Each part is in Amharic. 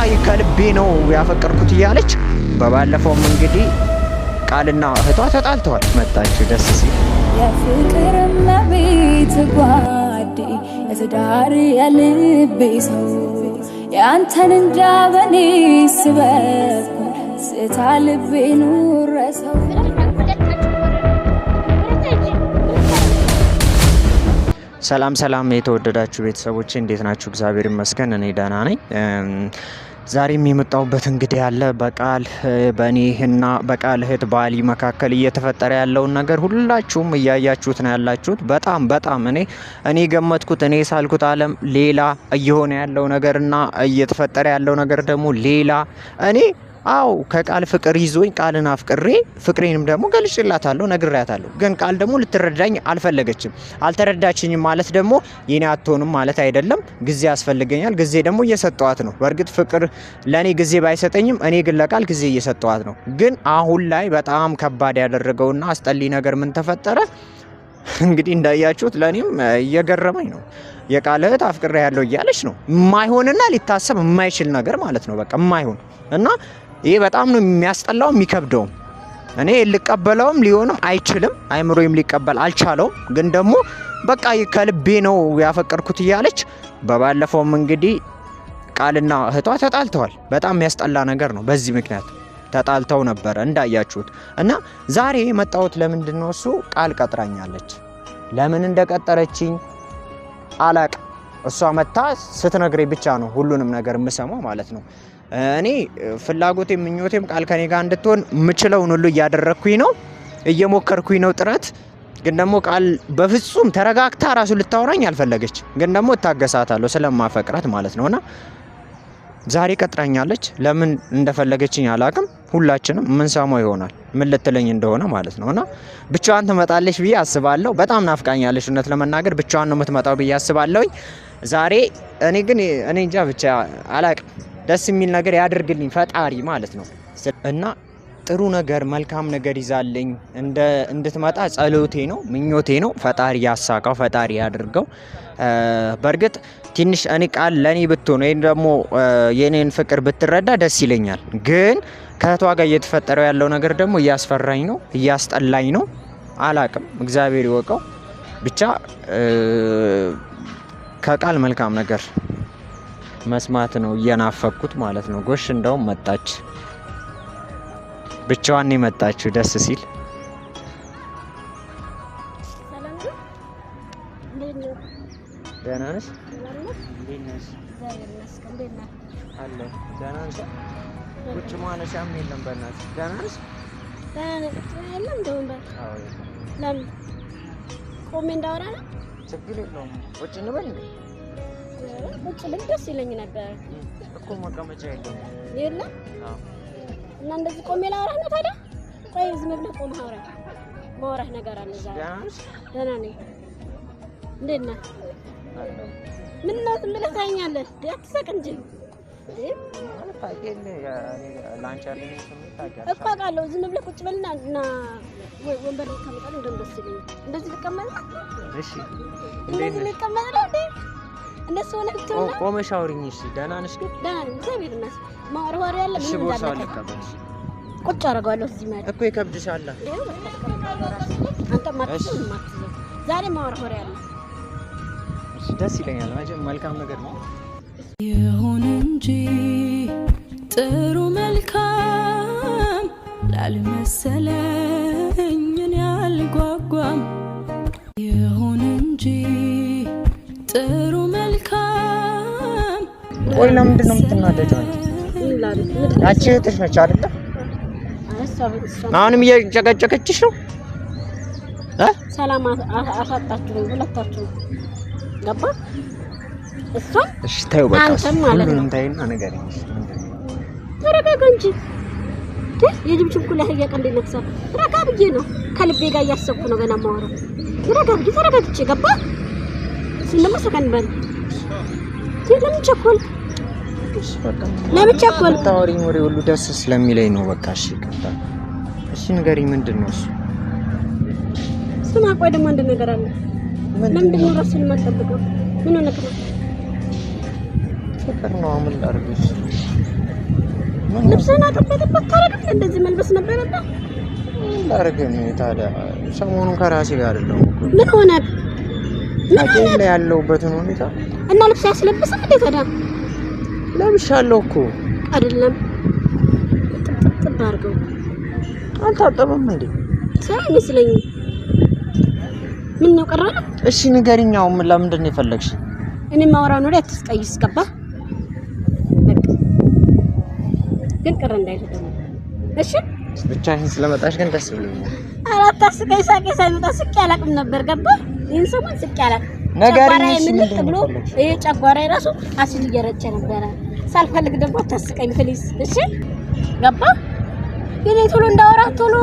በቀጣይ ከልቤ ነው ያፈቀርኩት እያለች በባለፈውም እንግዲህ ቃልና እህቷ ተጣልተዋል። መጣችሁ ደስ ሲል የፍቅር መቤት ጓዴ የትዳር የልቤ ሰው የአንተን እንዳበኔ ስበኩ ስታ ልቤ ኑረ ሰው ሰላም ሰላም የተወደዳችሁ ቤተሰቦች እንዴት ናችሁ? እግዚአብሔር ይመስገን እኔ ደህና ነኝ። ዛሬም የመጣውበት እንግዲህ ያለ በቃል በእኔና በቃል እህት ባሊ መካከል እየተፈጠረ ያለውን ነገር ሁላችሁም እያያችሁት ነው ያላችሁት። በጣም በጣም እኔ እኔ ገመትኩት እኔ ሳልኩት ዓለም ሌላ እየሆነ ያለው ነገርና እየተፈጠረ ያለው ነገር ደግሞ ሌላ እኔ አው ከቃል ፍቅር ይዞኝ ቃልን አፍቅሬ ፍቅሬንም ደግሞ ገልጭላታለሁ፣ ነግሬያታለሁ። ግን ቃል ደግሞ ልትረዳኝ አልፈለገችም። አልተረዳችኝም ማለት ደግሞ የኔ አትሆንም ማለት አይደለም። ጊዜ ያስፈልገኛል። ጊዜ ደግሞ እየሰጠዋት ነው። በእርግጥ ፍቅር ለእኔ ጊዜ ባይሰጠኝም፣ እኔ ግን ለቃል ጊዜ እየሰጠዋት ነው። ግን አሁን ላይ በጣም ከባድ ያደረገውና አስጠሊ ነገር ምን ተፈጠረ? እንግዲህ እንዳያችሁት ለእኔም እየገረመኝ ነው። የቃል እህት አፍቅሬ ያለው እያለች ነው። የማይሆንና ሊታሰብ የማይችል ነገር ማለት ነው። በቃ የማይሆን እና ይሄ በጣም ነው የሚያስጠላው የሚከብደውም። እኔ ልቀበለውም ሊሆንም አይችልም፣ አይምሮይም ሊቀበል አልቻለውም። ግን ደግሞ በቃ ከልቤ ነው ያፈቀርኩት እያለች በባለፈውም እንግዲህ ቃልና እህቷ ተጣልተዋል። በጣም የሚያስጠላ ነገር ነው። በዚህ ምክንያት ተጣልተው ነበረ እንዳያችሁት። እና ዛሬ የመጣሁት ለምንድን ነው እሱ ቃል ቀጥራኛለች። ለምን እንደቀጠረችኝ አላቅ እሷ መታ ስትነግሬ ብቻ ነው ሁሉንም ነገር የምሰማው ማለት ነው። እኔ ፍላጎት ምኞቴም ቃል ከኔ ጋር እንድትሆን ምችለውን ሁሉ እያደረግኩኝ ነው፣ እየሞከርኩኝ ነው ጥረት ግን ደግሞ ቃል በፍጹም ተረጋግታ ራሱ ልታወራኝ አልፈለገች። ግን ደግሞ እታገሳታለሁ ስለማፈቅራት ማለት ነውና ዛሬ ቀጥራኛለች። ለምን እንደፈለገችኝ አላቅም። ሁላችንም የምንሰማው ይሆናል ምን ልትለኝ እንደሆነ ማለት እና ብቻዋን ትመጣለች ብዬ አስባለሁ። በጣም ናፍቃኛለች። እውነት ለመናገር ብቻዋን ነው የምትመጣው ብዬ አስባለሁኝ። ዛሬ እኔ ግን እኔ እንጃ ብቻ አላቅም። ደስ የሚል ነገር ያድርግልኝ ፈጣሪ ማለት ነው እና ጥሩ ነገር መልካም ነገር ይዛልኝ እንድትመጣ ጸሎቴ ነው ምኞቴ ነው። ፈጣሪ ያሳካው፣ ፈጣሪ ያድርገው። በእርግጥ ትንሽ እኔ ቃል ለእኔ ብትሆን ወይም ደግሞ የኔን ፍቅር ብትረዳ ደስ ይለኛል። ግን ከእህቷ ጋር እየተፈጠረው ያለው ነገር ደግሞ እያስፈራኝ ነው፣ እያስጠላኝ ነው። አላቅም፣ እግዚአብሔር ይወቀው። ብቻ ከቃል መልካም ነገር መስማት ነው እየናፈኩት ማለት ነው። ጎሽ እንደውም መጣች፣ ብቻዋን የመጣችው ደስ ሲል ደህና ነሽ? ቁጭ ማለሻም የለም። በእናትሽ ደህና ነሽ? ለምን ቆሜ እንዳወራ ነው። ችግር የለውም ቁጭ እንበል ቁጭ ብል ደስ ይለኝ ነበር እኮ መቀመጫ የለም የለም። እና እንደዚህ ቆሜ ላወራህ ነው ታዲያ? ቆይ ዝም ብለህ ቆመህ አውራህ። ማውራህ ነገር አለ ዛሬ። ደህና ነኝ። እንዴት ነህ? ምን ነው ዝም ብለህ ታኛለህ? አትሳቅ እንጂ እኮ ዝም ብለህ ቁጭ በልና እና ወንበር ልቀመጥ ነው። እንደዚህ ልቀመጥ እንደዚህ ልቀመጥ ነው። እንደሱ ሆነ ብትሆን ቆመሽ አውሪኝ። እሺ ደህና ነሽ ግን? ደህና ነኝ እግዚአብሔር ይመስገን። ማወራው ያለ ምን እንዳለቀ ቁጭ አደርገዋለሁ እዚህ ማለት እኮ ይከብድሻል። አንተ ማጥቶ ማጥቶ ዛሬ ማወራው ያለ ደስ ይለኛል። መቼም መልካም ነገር ነው። ይሁን እንጂ ጥሩ መልካም ላልመሰለ ቆይ ለምንድን ነው የምትናደጂው? አንቺ እህትሽ ነች አይደለ? አሁንም እየጨቀጨቀችሽ ነው። ሰላም አሳጣችሁ ሁለታችሁ። ገባ ተረጋጋ እንጂ የጅብ ቀን ረጋ ብዬ ነው ከልቤ ጋር እያሰብኩ ነው ገና የማወራው። ረጋ ብዬ ተረጋግቼ ገባ። እሱን ደግሞ ሰከን በል። ለምን ለብቻ እኮ ነው ታወሪኝ። ወሬ ሁሉ ደስ ስለሚለኝ ነው። በቃ እሺ፣ ይቅርታ። እሺ፣ ንገሪኝ፣ ምንድን ነው እሱ? ስማ፣ ቆይ ደግሞ አንድ ነገር አለ። ለምንድን ነው እራሱን የማትጠብቀው? ምን ሆነህ ነው? ፍቅር ነው። ምን አድርገሽ ልብስህን አጥበጥበት ታረግም። እንደዚህ መልበስ ነበረብህ። አላደርግም። ታዲያ ሰሞኑን ከራሴ ጋር አይደለሁም ምን ሆነ? ምን ሆነህ? ያለሁበትን ሁኔታ እና ልብስ አያስለብስም እንዴ ታዲያ ለብሻለሁ እኮ አይደለም። ጥብጥብ አድርገው አልታጠበም እንዴ? አይመስለኝም። ምን ነው ቀረ? እሺ ንገሪኛው፣ ምን ለምንድን ነው የፈለግሽ? እኔ ማውራ ነው ላይ አትስቀይስ። ገባ ግን ቀረ እንዳይል ደግሞ እሺ። ብቻሽን ስለመጣሽ ግን ደስ ብሎኛል። ኧረ አታስቀይ። ሳቄ ሳይመጣ ስቄ አላቅም ነበር። ገባ ይሄን ሰሞን ስቄ አላውቅም። ነገር ብሎ ይሄ ጨጓራዬ ራሱ አሲድ እየረጨ ነበረ። ሳልፈልግ ደግሞ አታስቀኝ ፕሊዝ። እሺ ገባ የኔ ቶሎ እንዳወራ ቶሎ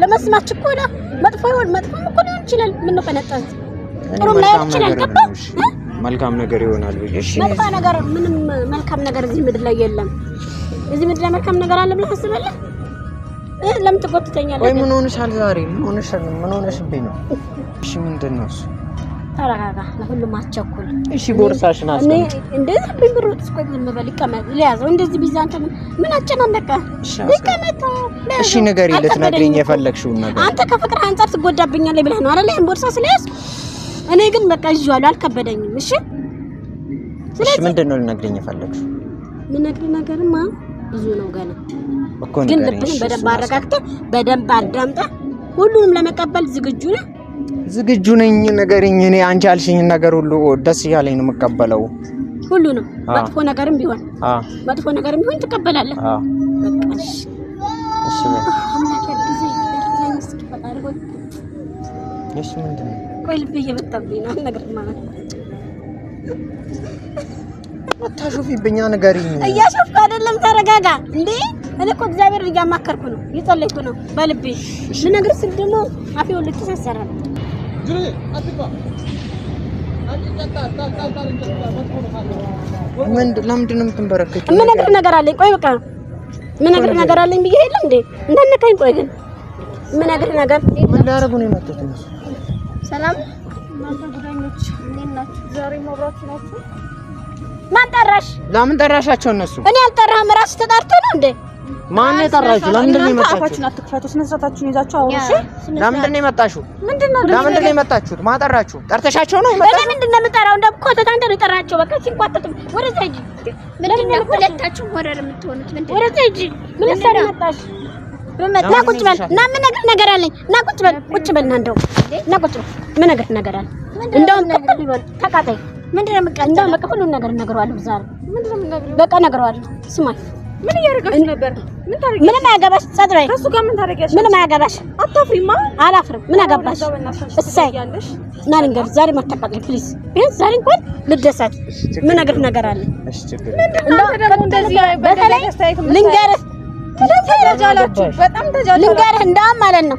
ለመስማት ችኮላ መጥፎ ይሆን መጥፎ እኮ ነው ይችላል። ምን ነው ፈነጠዝ ጥሩ ላይሆን ይችላል። ገባ መልካም ነገር ይሆናል ብዬ እሺ። መጥፎ ነገር ምንም መልካም ነገር እዚህ ምድር ላይ የለም። እዚህ ምድር ላይ መልካም ነገር አለ ብለህ አስበለህ ለምን ትጎትተኛለህ? ወይ ምን ሆነሻል? ዛሬ ምን ሆነሽ ምን ሆነሽብኝ ነው? እሺ ምንድን ነው እሱ ተረጋጋ፣ ለሁሉም አትቸኩል። እሺ ቦርሳሽን አስቀምጪ። እንደዚህ ቢብሩት እስኮ ምን ልበል? ይቀመጥ፣ ሊያዘው እንደዚህ ቢዛ አንተ ምን አጨናነቀ? ይቀመጥ። እሺ ንገሪ፣ ልትነግሪኝ የፈለግሽውን ነገር። አንተ ከፍቅር አንጻር ትጎዳብኛለህ ብለህ ነው አይደል? ይሄን ቦርሳ ስለያዝ እኔ ግን በቃ ይዤዋለሁ፣ አልከበደኝም። እሺ ስለዚህ ምንድን ነው ልነግሪኝ የፈለግሽው? ልነግርህ ነገርማ ብዙ ነው ገና እኮ። ግን ልብህን በደንብ አረጋግተህ በደንብ አዳምጠህ ሁሉንም ለመቀበል ዝግጁ ነህ? ዝግጁ ነኝ፣ ንገሪኝ። እኔ አንቺ ያልሽኝ ነገር ሁሉ ደስ እያለኝ ነው የምቀበለው። ነው መጥፎ ነገርም ቢሆን መጥፎ ነገርም ቢሆን ትቀበላለህ። ቆይ ልብ እየመጣብኝ ነው ነገር ማለት ነው ነገር ንገሪኝ። እያሾፍኩ አይደለም፣ ተረጋጋ። እንዴ እኔ እኮ እግዚአብሔር እያማከርኩ ነው፣ እየጸለይኩ ነው በልቤ። ልነግርህ ስል ደግሞ አፌ ሁሉ ተሰሰረ። ለምንድን ነው የምትንበረከኪው? የምነግርህ ነገር አለኝ። ቆይ በቃ የምነግርህ ነገር አለኝ ብዬ የለም እንዴ እንዳነካኝ። ቆይ ግን የምነግርህ ነገር ምን ሊያደርጉ ነው የመጡት? ሰላም እናንተ ጉዳኞች እንዴት ናችሁ? ዛሬ መብራት ናችሁ ማን ጠራሽ? ለምን ጠራሻቸው እነሱ? እኔ አልጠራህም። እራሱ ተጣርቶ ነው እንዴ? ማን የጠራችሁ? ለምንድን ነው የመጣችሁት? አትክፈቱ። ስነ ስርዓታችሁን ይዛችሁ አሁን እሺ። ለምንድን ነው የመጣችሁት? ለምንድን ነው የመጣችሁት? ማን ጠራችሁ? ጠርተሻቸው ነው የመጣችሁት? እኔ ምንድን ነው የምጠራው? እንደው እኮ ተታንተ ነው የጠራቸው። በቃ ሲንቋጠጥ ወደዛ ሂጂ። ምንድን ነው ሁለታችሁ ወረር የምትሆኑት? ምንድን ነው ወደዛ ሂጂ። ምን ሰራ መጣሽ? ና ቁጭ በል እና ምን ነገር ነገር አለኝ። ና ቁጭ በል ቁጭ በል ና እንደው ና ቁጭ በል ምን ነገር ነገር አለ እንደውም ተቃጣይ ምንድነው? ነው በቃ ሁሉን ነገር እነግረዋለሁ። ዛሬ በቃ እነግረዋለሁ። ስማኝ፣ ምን እያደረጋችሁ ነበር? ምን ምንም አያገባሽ። ከእሱ ጋር ምን ታደርጊያለሽ? ምንም አያገባሽ። አታፍሪማ? አላፍርም። ምን አገባሽ? እሰይ እና ልንገርሽ፣ ዛሬ ፕሊዝ። ቢያንስ ዛሬ እንኳን ምን ነገር ነገር አለ። ልንገርህ፣ በጣም ተጃላችሁ። ልንገርህ፣ ማለት ነው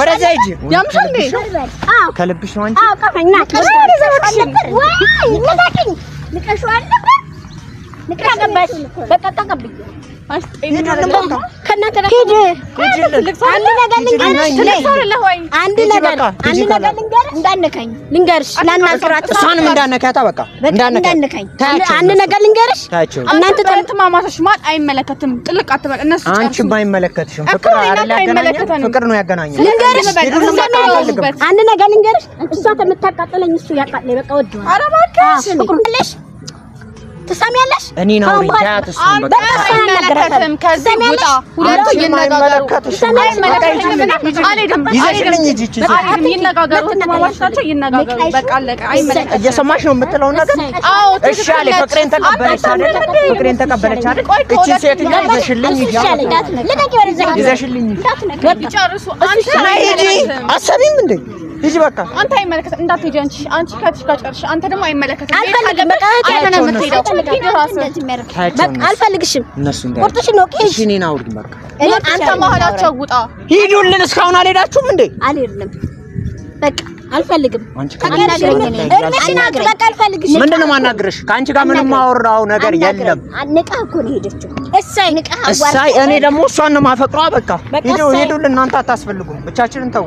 ወደዛ ሂጂ። ከልብሽ ነው እንጂ። ከእናንተ አንድ ነገር እንዳነካኝ ልንገርሽ፣ እሷንም እንዳነካታ በቃ እናንተ ተማማቶች ማት አይመለከትም። ጥልቅ አትበል። እነሱ አንቺም አይመለከትሽም። ፍቅር ነው ያገናኘን። ልንገርሽ፣ አንድ ነገር ልንገርሽ፣ እሷ ከምታቃጥለኝ እሱ ያቃጥለኝ። በቃ ወደዋል። ኧረ እባክሽ ትሰሚያለሽ? እኔ ነው ሪዳት እሱ እየሰማሽ ነው የምትለው ነገር? አዎ። እሺ ፍቅሬን ተቀበለች አይደል? ፍቅሬን ተቀበለች አይደል? እቺ ሴትኛ ይዘሽልኝ ሂጂ። ይዘሽልኝ አሰሚም እንዴ? ሂጂ በቃ አንተ አይመለከትም። እንዳትሄጂ አንቺ አንቺ ከአንቺ ጋር ጨርሽ። አንተ ደግሞ አይመለከትም። አልፈልግም። በቃ አልፈልግሽም። ቁርጥሽን ነው አውርድ። በቃ አንተ መሀላቸው ውጣ። ሂዱልን። እስካሁን አልሄዳችሁም እንዴ? አልሄድንም። በቃ አልፈልግም። አንቺ በቃ ምንድን ነው የማናግርሽ? ከአንቺ ጋር ምንም ማወራው ነገር የለም። ንቃህ ነው እሳይ እሳይ እኔ ደግሞ እሷን ነው የማፈቅረው። በቃ ሂዱልን። እናንተ አታስፈልጉም። ብቻችንን ተው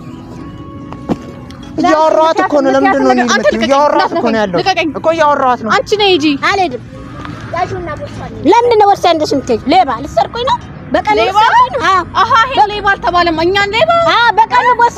እያወራኋት እኮ ነው። ለምንድን ነው እያወራኋት እኮ ነው ያለው እኮ እያወራኋት ነው። አንቺ ነይ ሂጂ። አልሄድም። ለምንድን ነው ወርሳ እንደሽ የምትሄጂው? ሌባ ልትሰርቁኝ ነው? በቀን ሌባ አልተባለም። እኛን ሌባ በቀን ወርሳ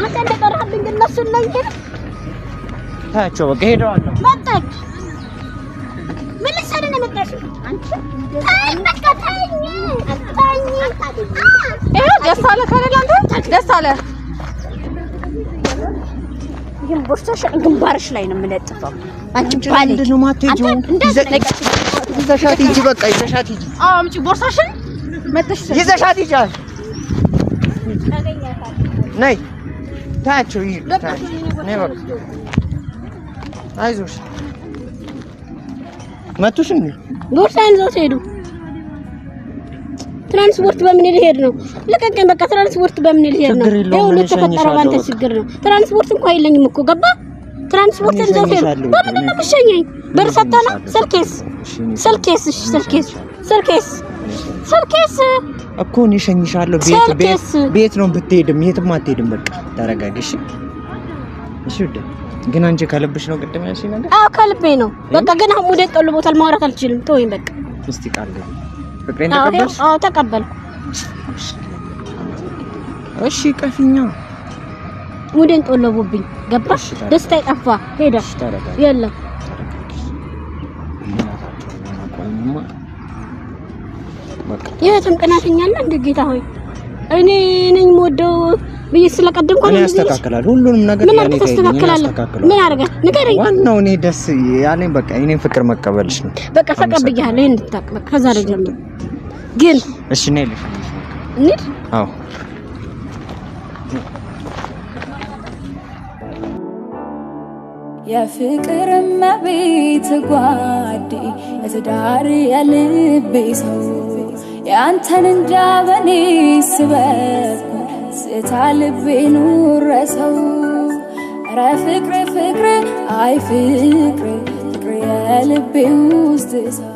አንተ እንደቀረህብኝ ግን ነኝ ታያቸው። በቃ ሄደዋል። መጣች ምን ልትሰሪ ነው የመጣሽው? ይኸው ደስ አለህ ከሌለ አንተ ደስ አለህ። ይሄን ቦርሳሽ ግንባርሽ ላይ ነው የምለጥፈው። አንቺ ባንድ ነው ይዘሻት ሂጂ፣ በቃ ይዘሻት ሂጂ። አዎ አምጪ ቦርሳሽን መጥተሽ ይዘሻት ሂጂ። ነይ ታያቸው ይሄዱ። አይዞሽ መቱሽ እንዴ? ቦርሳዬን ይዘውት ሄዱ። ትራንስፖርት በምን ልሄድ ነው? ልቀቀኝ በቃ። ትራንስፖርት በምን ልሄድ ነው? ይኸውልህ የተፈጠረው ባንተ ችግር ነው። ትራንስፖርት እንኳን የለኝም እኮ ገባ። ትራንስፖርት ይዘውት ሄዱ። በምንድን ነው የምትሸኘኝ? ብር ሰጠና ስልኬስ፣ ስልኬስ፣ ስልኬስ፣ ስልኬስ ስልኬስ እኮ እኔ እሸኝሻለሁ። ቤት ነው ብትሄድም፣ የትም አትሄድም። በቃ ተረጋግሽ። እሺ ውዴ፣ ግን አንቺ ከልብሽ ነው ቅድም ያልሽኝ ነገር? አዎ ከልቤ ነው። በቃ ግን ሙዴት ቀልቦታል፣ ማውራት አልችልም። ተወኝ በቃ። እስቲ ቃል ፍቅሬን ተቀበልሽ? አዎ ተቀበልኩ። እሺ ቀፊኛ ሙዴን ጦለቦብኝ ገባሽ? ደስታ ይጠፋ ሄደ የለም የትም ቅናተኛ አለ እንደ ጌታ ሆይ እኔ ነኝ የምወደው ብዬ ስለቀደምኩ ነው። ያስተካክላል ሁሉንም ነገር ምን ያስተካክላል? ምን አደረገ ንገረኝ። ዋናው እኔ ደስ ያለኝ በቃ እኔን ፍቅር መቀበልሽ ነው። በቃ ተቀብያለሁ። ይሄን እንድታቅ በቃ ከዛ ደግሞ ግን እሺ ነኝ ልሽ እንዴ? አዎ የፍቅር መቤት ጓዴ የትዳር የልቤ ሰው ያንተን እንዳበኔ ስበብ ስታ ልቤ ኑረሰው ረ ፍቅር ፍቅር አይ ፍቅር ፍቅር የልቤ ውስጥ ሰው